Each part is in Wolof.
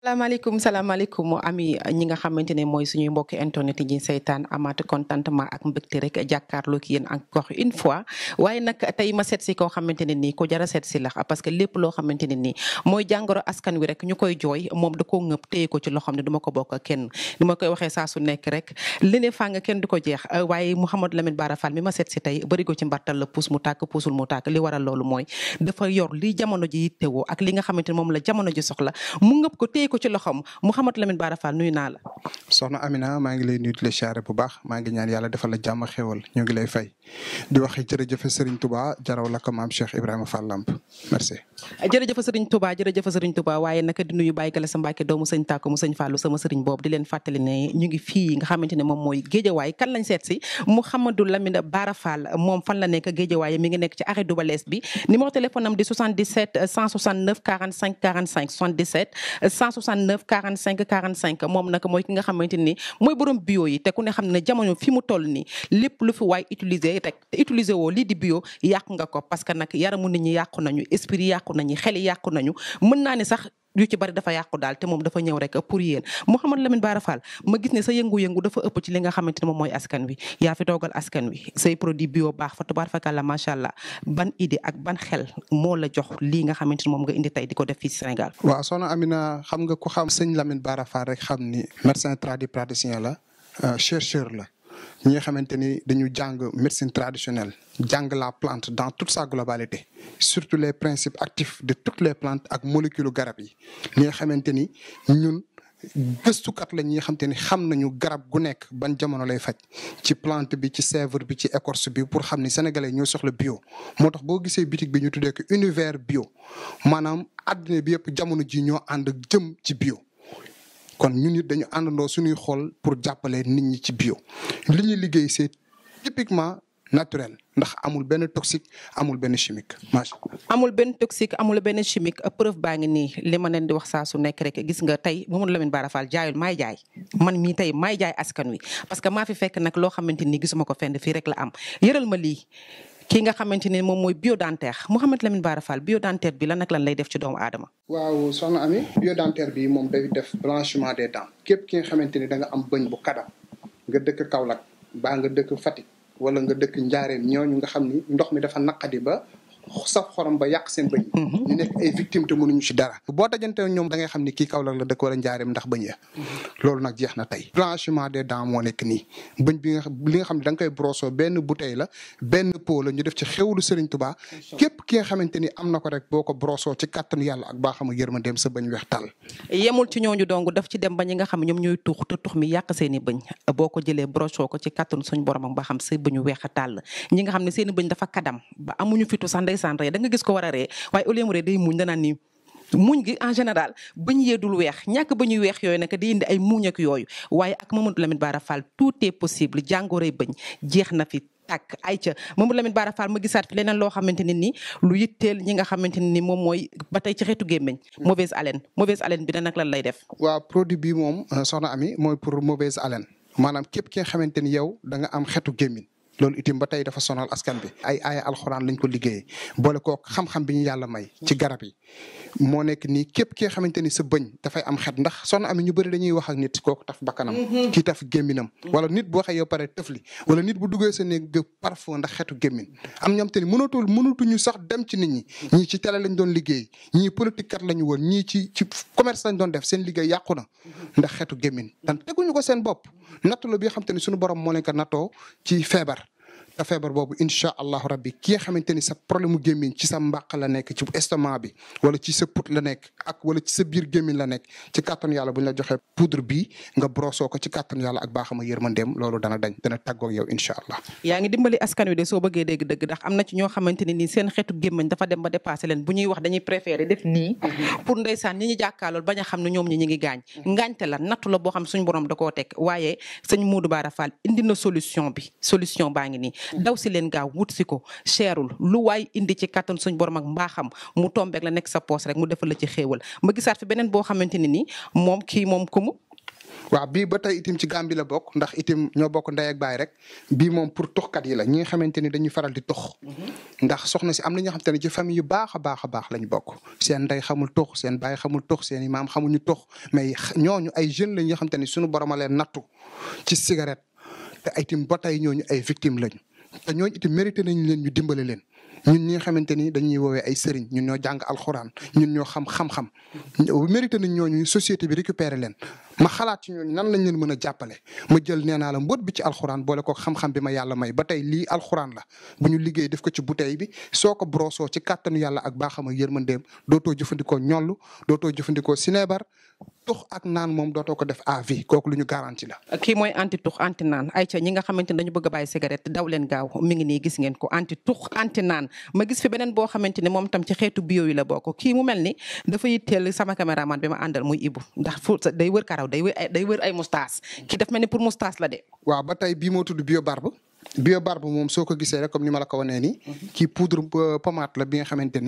salaamaaleykum salaamaaleykum ami ñi nga xamante ne mooy suñuy mbokki internet yi seytaan saytaan amaat contentement ak mbégte rek jàkkaarloo ki yéen encore une fois waaye nag tey ma seet si koo xamante ne nii ko jara seet si la parce que lépp loo xamante ne nii mooy jàngoro askan wi rek ñu koy jooy moom da koo ŋëpp téye ko ci loo xam ne du ma ko bokk kenn du ma koy waxe saa su nekk rek li ne fàng kenn du ko jeex waaye Mouhamadou lamit Bara Fall mi ma seet si tey bëri ko ci mbartal la pus mu tàkk puusul mu tàkk li waral loolu mooy dafa yor li jamono ji yittewoo ak li nga xamante ne moom la jamono ji soxla ko téye ko ci loxoom Mouhamadou Lamine Bara Fall nuyu naa la. soxna Amina maa ngi lay nuyu di la siyaare bu baax maa ngi ñaan yàlla defal a jàmm xéwal ñu ngi lay fay di wax jërëjëf Serigne Touba jaraw la ko maam Cheikh Ibrahima Fall Lamp merci. jërëjëf Serigne Touba waaye naka di nuyu Baye Gala sa doomu sëñ Tàkko mu sëñ Fallou sama Serigne boobu di leen fàttali ne ñu ngi fii nga xamante ne moom mooy Géejawaay kan lañ seet si Mouhamadou Lamine Bara Fall moom fan la nekk Géejawaay waay ngi nekk ci arrêt Double Less bi numéro téléphone am di 77 169 45 45 moom nag mooy ki nga xamante ni mooy borom bio yi te ku xam ne jamono fi mu toll nii lépp lu fi waay utiliser te utiliser wo lii di bio yàq nga ko parce que nag yaramu nit ñi yàqu nañu esprit yàqu nañu xel yàqu nañu mën naa sax yu ci bari dafa yàqu daal te moom dafa ñëw rek pour yéen Mouhamadou Lamine Bara Fall ma gis ne sa yëngu-yëngu dafa ëpp ci li nga xamante ne moom mooy askan wi yaa fi toogal askan wi say produit bio baax fa tabaarkalla macha allah ban idée ak ban xel moo la jox lii nga xamante ne moom nga indi tey di ko def fii Sénégal. waaw soxna Amina xam nga ko xam sëñ Lamine Bara Fall rek xam ni médecin tradipraticien la euh, chercheur la. ñi nga xamante ni dañu jàng médecine traditionnelle jàng la plante dans toute sa globalité surtout les principes actifs de toutes les plantes ak molécules garab yi li nga xamante ni ñun gëstukat la ñi nga xamante ni xam nañu garab gu nekk ban jamono lay faj ci plante bi ci sève bi ci écorce bi pour xam ni sénégalais ñoo le bio moo tax boo gisee bitig bi ñu tuddee que univers bio maanaam àddina bi yëpp jamono ji ñoo ànd jëm ci bio kon ñun it dañu àndandoo suñuy xool pour jàppale nit ñi ci bio li ñuy liggéey c'est typiquement naturel ndax amul benn toxique amul benn chimique macha amul benn toxique amul benn chimique preuve baa ngi nii li di wax saa su nekk rek gis nga tey Mamadou Lamine Bara faal jaayul maay jaay man mii tey may jaay askan wi parce que maa fi fekk nag loo xamante ni gisuma ko fenn fii rek la am yëral ma lii ki nga xamante ne moom mooy bio dentaire Mouhamed Lamine Bara Fall bio dentaire bi lan ak lan lay def ci doomu aadama. waaw soxna Ami bio dentaire bi moom day def blanchiment des dents képp ki nga xamante ni da nga am bëñ bu kadam nga dëkk Kaolack baa nga dëkk Fatick wala nga dëkk Njaareem ñooñu nga xam ni ndox mi dafa naqadi ba saf xorom ba yak seen bañ mhm. ñu nek ay victime te mënuñu ci dara boo dajante ñom da ngay xamni ki kaw la la dekk wala ndiarim ndax bañ ya mhm. loolu nak jeex na blanchiment des dents mo nek ni bañ bi nga li nga xamni da ngay brosso broso benn bouteille la benn pot la ñu def ci xewlu Serigne Touba kep ki nga xamanteni ni am na ko rek boko brosso ci kàttanu yalla ak baaxam ak dem sa bañ wex tal yemul ci ñoñu dong daf ci dem bañ nga xamni ñom ñoy tuux tu tuux mi yak seeni bañ boko boo ko ko ci kàttanu suñu borom ak baaxam sa bëñu wex tal ñi nga xamni seeni bañ dafa kadam ba amuñu fitu sax ndeysaan gis ko war a ree waaye au lieu mu ree day gi en général bañ yee weex ñàkk ba ñuy weex yooyu nag di indi ay muñ ak yooyu waaye ak Mamadou Lamine Bara Fall tout est possible jàngoroy bañ jeex na fi tàkk ayca Mamadou Lamine Bara Fall ma gisaat fi leneen loo xamante ne ni lu yitteel ñi nga xamante ne ni moom mooy ba tey ci xeetu gémmeñ mm. mauvaise haleine mauvaise haleine bi da nag lan lay def. waaw produit bi moom euh, soxna Ami mooy pour mauvaise haleine maanaam ni yow da nga am loolu itam ba tey dafa sonal askan bi ay aaya alxuraan lañ ko liggéeyee boole koo xam-xam bi ñu yàlla may ci garab yi moo nekk nii képp kee xamante ni sa bëñ dafay am xet ndax soxna Ami ñu bëri dañuy wax ak nit kooku taf bakkanam ci mm-hmm. taf gémminam wala nit boo waxee yow pare tëfli wala nit bu duggee seen néeg parfum ndax xetu gémmin am ñoom ni mënatul mënatuñu sax dem ci nit ñi ñii ci télé lañ doon liggéey ñii politique kat lañu woon ñii ci ci commerce lañ doon def seen liggéey yàqu na mm-hmm. ndax xeetu gémmin dan teguñu ko seen bopp nattu lo bi xam ni suñu borom moo leen ko nattoo ci feebar sa febar bobu insha allah rabbi ki xamanteni sa problème gemine ci sa mbàq la nek ci estomac bi wala ci sa put la nek ak wala ci sa bir gemine la nek ci carton yalla buñ la joxe poudre bi nga broso ko ci carton yalla ak baxama yermandem lolu dana dañ dana taggo yow insha allah ya ngi dimbali askan wi de so beugé dégg deug ndax amna ci ño xamanteni ni sen xeetu gemine dafa dem ba dépasser len buñuy wax dañuy préférer def ni mm-hmm. pour ndeysaan ñi ñi jakkalol baña xamni ñom ñi ñi ngi gañ ngañte la nattu la bo xam suñ borom da ko tek waye señ Moudou Bara Fall indi na solution bi solution baangi ni daw si leen gaaw wut si ko cherul lu waay indi ci kattan suñ borom ak mbaaxam mu tombeek la nekk sa poos rek mu defal la ci xéewal ma gisaat fi beneen boo xamante ne ni moom kii moom kumu waaw bii ba tey itim ci Gàmbi la bokk ndax itim ñoo bokk ndey ak baay rek bii moom pour toxkat yi la ñi nga xamante ni dañuy faral di tox mhm. ndax soxna si am na ñoo xamante ne ci famille yu baax a baax a baax lañ bokk seen ndey xamul tox seen baay xamul tox seen i maam xamuñu tox mais ñooñu ay jeunes lañ ñoo xamante ni suñu borom leen nattu ci cigarette te itim ba tey ñooñu ay victime lañu te ñooñu itam mérité nañ leen ñu dimbale leen ñun ñi nga xamante ni dañuy woowee ay sëriñ ñun ñoo jàng alxuraan ñun ñoo xam xam-xam mérité nañ ñooñu société bi récupéré leen ma xalaat ci ñooñu nan lañ leen mën a jàppale ma jël nee naa la mbóot bi ci alxuraan boole ko xam-xam bi ma yàlla may ba tey lii alxuraan la bu ñu liggéey def ko ci bouteille bi soo ko brosoo ci kàttanu yàlla ak baaxam ak yërmandeem dootoo jëfandikoo ñoll dootoo jëfandikoo sineebar tux ak naan moom dootoo ko def à ko kooku lu ñu garanti la. kii mooy anti tux anti naan ay ca ñi nga xamante ne dañu bëgg a bàyyi cigarette daw leen gaaw mi ngi nii gis ngeen ko anti tux anti naan ma gis fi beneen boo ne moom tam ci xeetu bio yi la bokk kii mu mel ni dafa yitteel sama caméraman bi ma àndal muy day wër ay day wër ay moustache ki daf mel ni pour moustache la de. waaw ba tey bii moo tudd bio barbe. bio barbe moom soo ko rek comme ni ma la ko wanee nii. kii poudre pommade la bi nga xamante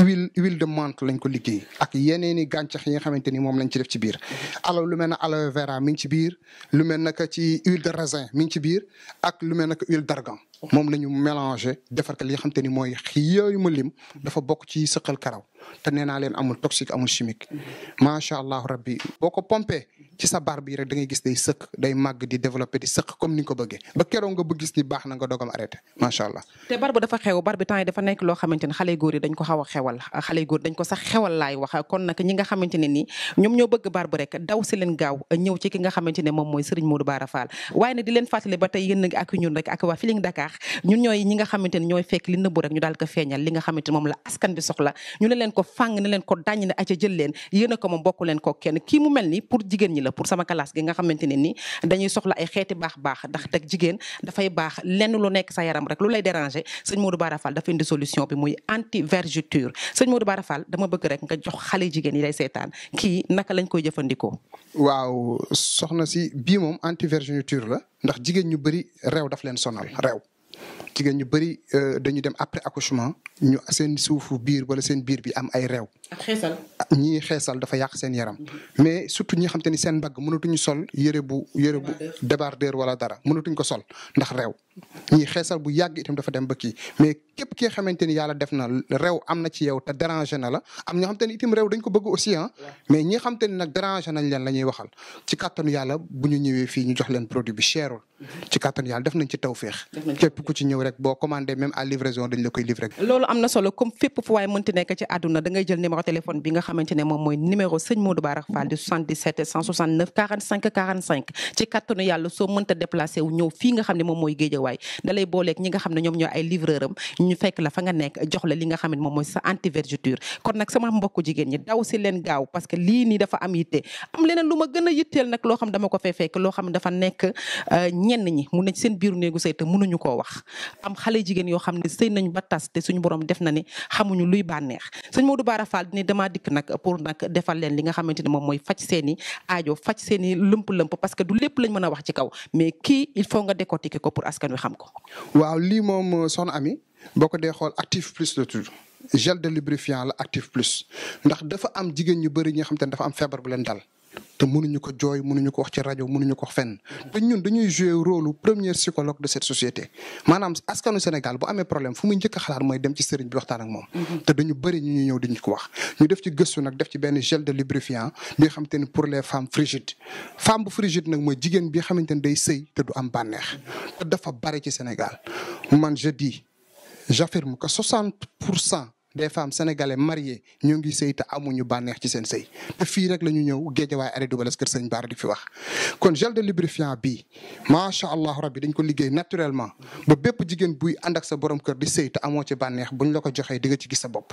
huile huile de menthe lañ ko liggéey ak yeneen i gàncax yi nga xamante ni lañ ci def ci biir. alors lu mel aloe vera mi ngi ci biir lu mel ne ci huile de raisin mi ci biir ak lu mel ne que huile d'argan moom la ñu mélangé defar ko li nga xamante ni mooy yooyu ma lim dafa bokk ci sëqal karaw te nee leen amul toxique amul chimique macha allah rabbi boko ko pompé. ci sa bar bi rek da ngay gis day seuk day mag di développer di seuk comme ni nga ko bëggé ba keroog nga bëgg gis ni baax na nga dogam arrêté sha allah. té bar bu dafa xew bar bi temps yi dafa nekk loo xamanteni ne xale góor yi dañ ko xaw a xewal xale góor dañ ko sax xewal laay wax kon nak ñi nga xamanteni ni ñoom ñoo bëgg bar bu rek daw si leen gaaw ñëw ci ki nga xamanteni moom mooy Serigne Modou Bara Fall waaye ne di leen fàttali ba tey yéen ak ñun rek ak waa Feeling Dakar ñun ñooy ñi nga xamanteni ne ñooy fekk li nëbbu rek ñu daal ko feeñal li nga xamanteni moom la askan bi soxla ñu ne leen ko fàng ne leen ko dàññ ne aca jël leen yéen a ko moom bokk leen ko kenn kii mu mel ni pour jigéen ñi la pour sama classe gi nga xamante ne ni dañuy soxla ay xeeti baax baax ndax teg jigéen dafay baax lenn lu nekk sa yaram rek lu lay déranger sëñ Modou Bara Fall dafa indi solution bi muy anti vergeture sëñ Modou Bara Fall dama bëgg rek nga jox xale jigéen yi lay seetaan kii naka lañ koy jëfandikoo. waaw soxna si bii moom anti vergeture la ndax jigéen ñu bëri réew daf leen sonal réew. jigéen ñu bëri euh, dañu dem après accouchement ñu seen suufu biir wala seen biir bi am ay réew. ak xeesal. xeesal dafa yàq seen yaram. mais surtout ñi xam te ni seen mbag mënatuñu sol yére bu yëre bu. débardeur wala dara mënatuñ ko sol ndax réew. ñii xeesal bu yàgg itam dafa dem ba kii mais képp ki nga xamante ni yàlla def na réew am na ci yow te dérangé na la am ñoo xam te ni itam réew dañ ko bëgg aussi ah. mais ñi xam te ni nag dérangé nañ leen la ñuy waxal ci kàttanu yàlla bu ñu ñëwee fii ñu jox leen produit bi cherul. Mm-hmm. ci def nañ ci tawféex. képp ñëw rek boo commandé même à livraison dañ la koy livré. loolu am na solo comme fépp fu waaye mënti nekk ci àdduna da ngay jël numéro téléphone bi nga xamante ne moom mooy numéro sëñ Modou barak Fall di 77 169 45 45 ci kattanu yàlla soo mënta déplacé wu ñëw fii nga xam ne moom mooy géejawaay da lay booleeg ñi nga xam ne ñoom ñoo ay livreur am ñu fekk la fa nga nekk jox la li nga xam ne moom mooy sa antivergeture kon nag sama mbokk jigéen ñi daw si leen gaaw parce que lii nii dafa am yitte am leneen lu ma gën a yitteel nag loo xam dama ko fee fekk loo xam dafa nekk euh, ñenn ñi mu seen biiru néegu sëy te mënuñu koo wax am xale jigéen yoo xam ne sëy nañu ba tas te suñu borom def na ne xamuñu luy bànneex sëñ Modou Bara Fall ne damaa dikk nag pour nag defal leen li nga xamante ne moom mooy faj seen ajo faj seeni i lëmp-lëmp parce que du lépp lañ mën a wax ci kaw mais kii il faut nga décortiquer ko pour askan wi xam ko. waaw lii moom euh, soxna Ami boo ko dee xool actif plus la tudd gel de lubrifiant la actif plus ndax dafa am jigéen ñu bëri ñi nga xam te ne dafa am feebar bu leen dal. te mënuñu ko joy mënuñu ko wax ci ko ñun dañuy jouer rôle premier psychologue de cette société Madame, askanu Sénégal bu amee problème fu muy njëkk xalaat mooy dem ci sëriñ bi waxtaan ak moom mhm. te dañu bëri ñu ñuy ñëw diñ ko wax ñu def ci gel de lubrifiant pour les femmes frigides femme bu frigide nag mooy jigéen bi day sëy te du am bànneex te dafa Sénégal man je dis j'affirme que 60 des femmes sénégalais marie ñoo ngi sëy te amuñu bànneex ci seen sëy te fii rek la ñu ñëw géejawaay arrêt Double Less kër sëñ Bara di fi wax. kon gel de lubrifiant bi macha allah rabbi dañ ko liggéey naturellement ba bépp jigéen buy ànd ak sa borom kër di sëy te amoo ci bànneex buñ la ko joxee di nga ci gis sa bopp.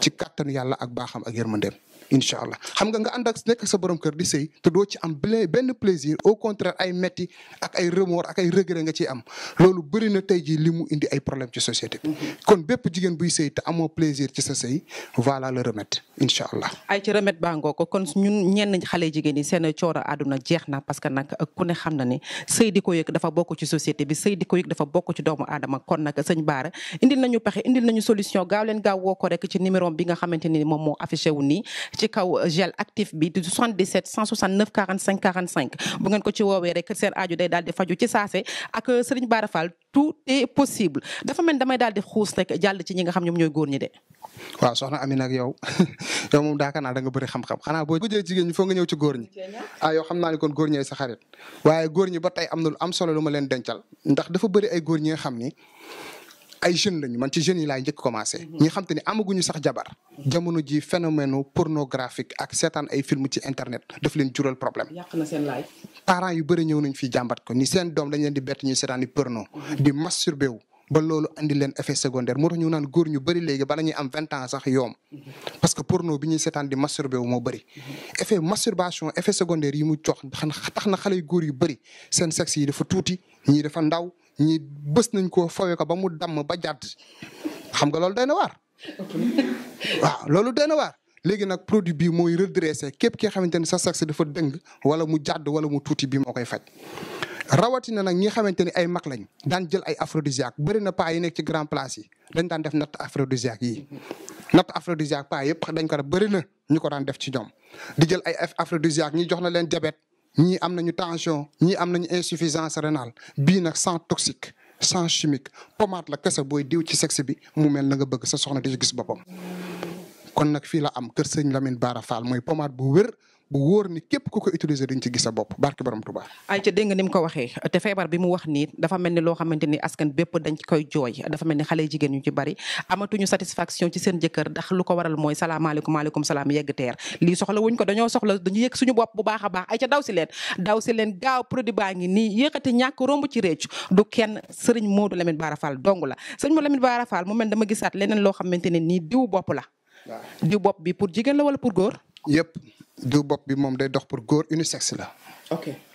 ci kàttanu yàlla ak baaxam ak yërmandeem. incha allah xam nga nga ànd ak nekk sa borom kër di sëy te doo ci am benn plaisir au contraire ay metti ak ay remords ak ay regret nga ciy am loolu bëri na tey jii li mu indi ay problème ci société bi. Mm-hmm. kon bépp jigéen buy sëy amoo plaisir ci sa sëy voilà le remède incha allah. ay ci remède baa ko kon ñun ñenn xale jigéen yi seen coono àdduna jeex na parce que nag ku ne xam na ne sëy di ko yëg dafa bokk ci société bi sëy di ko yëg dafa bokk ci doomu aadama kon nag sëñ Baara indi nañu pexe indi nañu solution gaaw leen gaaw woo ko rek ci numéro bi nga xamante ni moom moo affiché wu nii ci kaw gel actif bi di 77 169 45 45 bu ngeen ko ci woowee rek seen aaju day daal di faju ci saase ak Serigne Bara Fall tout est possible dafa mel damay daal de xuus rek jàll ci ñi nga xam ñoom ñooy góor ñi de. waaw soxna Amina ak yow yow moom daaka naa da nga bëri xam-xam xanaa boo bëggee jigéen ñi foo nga ñëw ci góor ñi ah xam naa ne kon góor ñooy sa xarit waaye góor ñi ba tey am na lu am solo lu ma leen dencal ndax dafa bëri ay góor ñi nga xam ni ay jeunes lañu man ci jeunes yi laay njëkk commencé. Mhm. ñi xam te ne amaguñu sax jabar. jamono ji phénomène pornographique ak seetaan ay film ci internet def leen jural problème. yàq na seen life. parents yu bëri ñëw nañ fi jàmbat ko ñi seen doom dañ leen di bett ñuy seetaan di porno mhm. di masturbé wu. ba loolu andi leen effet secondaire moo tax ñu naan góor ñu bëri léegi bala ñuy am vingt ans sax yoom mhm. parce que porno bi ñuy seetaan di masturbé wu moo bëri. effet masturbation effet secondaire yi mu jox tax na xale yu góor yu bëri seen sexe yi dafa tuuti ñii dafa ndaw ñi bës nañ ko fowe ko ba mu damm ba jàdd xam nga loolu doy na waar. waaw loolu doy na waar. léegi nag produit bi mooy redressé képp ki nga xamante ni sa sax dafa dëng wala mu jàdd wala mu tuuti bi moo koy faj. rawatina nag ñi nga xamante ni ay mag lañ daan jël ay aphrodisiaque bëri na paa yi nekk ci grand yi dañ daan def natt aphrodisiaque yi. natt aphrodisiaque paa yëpp dañ ko def bëri na ñu ko daan def ci ñoom di jël ay aphrodisiaque ñi jox na leen diabète ñii am nañu tension ñii am nañu insuffisance rénale bii nag sans toxique sans chimique pommade la kese booy diw ci sexe bi mu mel na nga bëgg sa soxna di ci gis boppam. kon nag fii la am kër sëñ Lamine Bara Fall mooy pommade bu wér bu wóor ni képp ku ko utiliser dañ ci gis sa bopp barke borom Tuuba. ay ca dégg nga ni mu ko waxee te feebar bi mu wax nii dafa mel ni loo xamante ni askan bépp dañ koy jooy dafa mel ni xale jigéen ñu ci bari amatuñu satisfaction ci seen jëkkër ndax lu ko waral mooy salaamaaleykum salaam yegg teer lii soxla wuñ ko dañoo soxla dañu yëg suñu bopp bu baax a baax ay ca daw si leen daw si ngi nii yëkkati ñàkk romb ci réccu du kenn sëriñ Modou Lamine Bara Fall dong la sëriñ Modou Lamine Bara Fall mu mel dama gisaat leneen loo xamante ne nii diw bopp la diw bopp bi pour jigéen la wala pour góor yëpp du bopp bi moom day dox pour góor unisexe la.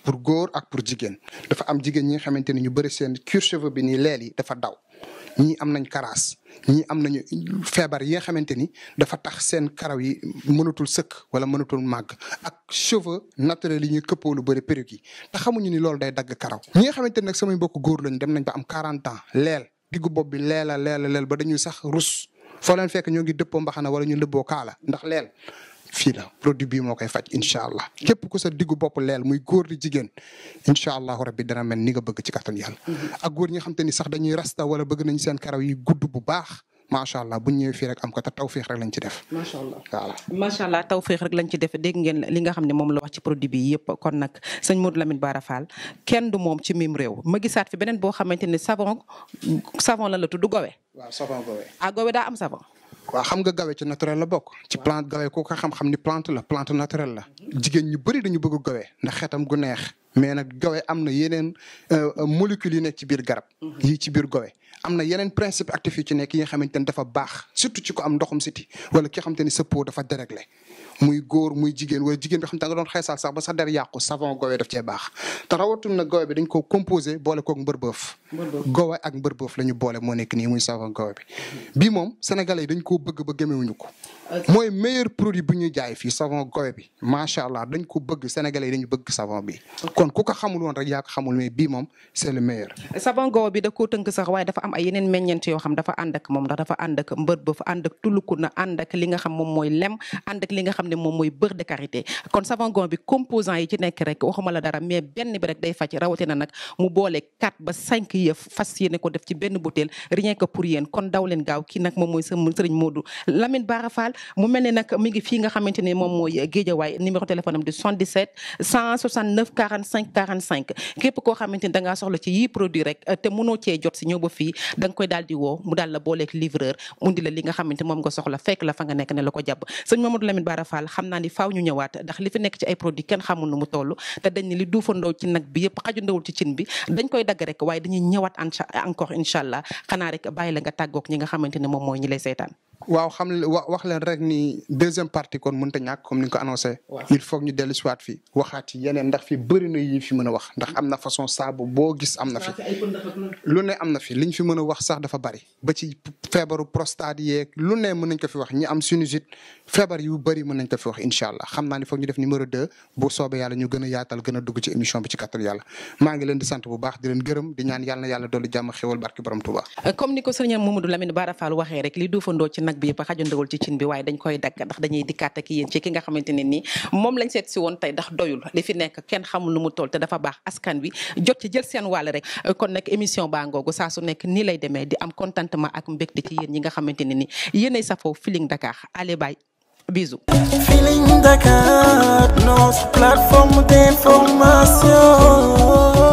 pour góor ak pour jigéen. dafa am jigéen ñi nga xamante ni ñu bëri seen cuir cheveux bi nii leel yi dafa daw ñii am nañ karaas ñii am nañu feebar yi nga xamante ni dafa tax seen karaw yi mënatul sëkk wala mënatul màgg ak cheveux naturel yi ñuy këppoo lu bëri perruque yi te xamuñu ni loolu day dagg karaw. ñi nga xamante ni nag samay mbokk góor lañu dem nañ ba am 40 ans leel diggu bopp bi leela leela leel ba dañuy sax rus foo leen fekk ñoo ngi dëppoo mbaxana wala ñu lëbboo kaala ndax leel. fii la produit bii moo koy faj incha allah képp ku sa diggu bopp leel muy góor di jigéen incha allahu rabbi dana mel ni nga bëgg ci kattan yàlla. Mm-hmm. ak góor ñi xam te ni sax dañuy rasta wala bëgg na seen karaw yi gudd bu baax. macha allah bu ñëwee fii rek am ko te tawféex rek lañ ci def. macha allah voilà. macha allah tawféex rek lañ ci def dégg ngeen li nga xam ne moom la wax ci produit bi yëpp kon nag sëñ Modou Lamine Bara faal kenn du moom ci mim réew ma gisaat fi beneen boo xamante ne savon savon lan la tudd gowe. waaw savon gowe. ah gowe daa am savon. waaw xam nga gawe ci naturel la bokk ci plante gawe ku ko xam-xam ni plante la plante naturel la mm-hmm. jigéen ñu bëri dañu bëgg gawe ndax xetam gu neex mais nag gawe am na yeneen euh, euh, molécules yi nekk ci biir garab mm-hmm. yi ci biir gawe am na yeneen principe actif yu ci nekk yi nga xamante ni dafa baax surtout ci ko am ndoxum siti wala ki xamante ni sa peau dafa déréglé muy góor muy jigéen wala jigéen bi xam da nga doon xeesal sax ba sax der yàqu savon gowe daf cee baax te rawatum na gowe bi dañ ko composé boole koog mbër bëf gowe ak mbër bëf la ñu boole moo nekk nii muy savon gowe bi bii moom sénégalais yi dañ koo bëgg ba gémewuñu ko mooy meilleur produit bu ñuy jaay fii savon gowe bi macha allah dañ ko bëgg sénégalais yi dañu bëgg savon bi kon ku ko xamul woon rek yaa ko xamul mais bii moom c'est le meilleur. savon gowe bi da koo tënk sax waaye dafa am ay yeneen meññeent yoo xam dafa ànd ak moom ndax dafa ànd ak mbër bëf ànd ak tuluku na ànd ak li nga xam moom mooy lem ànd ak li xam ne moom mooy beurre de karité kon savon gowe bi composant yi ci nekk rek waxuma la dara mais benn bi rek day faj rawatina nag mu boole 4 ba cinq yëf fas yéene ko def ci benn bouteille rien que pour yéen kon daw leen gaaw kii nag moom mooy sëriñ Modou Lamine Bara mu mel ne nag mi ngi fii nga xamante ne moom mooy Guédiawaay numéro téléphone am di 77 169 45 45 képp koo xamante ni da ngaa soxla ci yii produit rek te mënoo cee jot si ñëw ba fii da nga koy daal di woo mu daal la booleeg livreur mu indi la li nga xamante moom nga soxla fekk la fa nga nekk ne la ko jàpp sëñ Mamadou Lamine Bara Fall xam naa ni faaw ñu ñëwaat ndax li fi nekk ci ay produit kenn xamul nu mu toll te dañ ne li duufandoo ci nag cin bi dañ koy dagg rek waaye dañuy ñëwaat encore incha allah xanaa rek bàyyi la nga tàggoog nga xamante ne moom mooy ñi lay waaw xam wax leen rek ni deuxième partie kon mënut a ñàkk comme ni ko annoncé. il faut ñu dellu si waat fii yi yeneen ndax fi bëri na yi fi mën a wax ndax am na façon saabu boo gis am na fi. lu ne am na fi liñ fi mën a wax sax dafa bari ba ci feebaru prostate yeeg lu ne mën nañ ko fi wax ñi am sinusite feebar yu bëri mën nañ ko fi wax incha allah xam naa ne foog ñu def numéro 2 bu soobee yàlla ñu gën a yaatal gën a dugg ci émission bi ci kàttan yàlla maa ngi leen di sant bu baax di leen gërëm di ñaan yàlla na yàlla dolli jàmm xéwal barki borom Tuubaa nag bi yëpp xajandawul ci cin bi waaye dañ koy dagg ndax dañuy dikkaat ak yéen ci ki nga xamante ne moom lañ seet si woon tey ndax doyul li nekk kenn xamul nu mu te dafa baax askan wi jot ci jël seen wàll rek kon nag émission baa ngoogu saa nekk nii lay demee di am contentement ak mbégte ci yéen ñi nga xamante ne nii yéenay safoo Feeling Dakar allez bye bisous. Feeling Dakar nos plateforme d'information.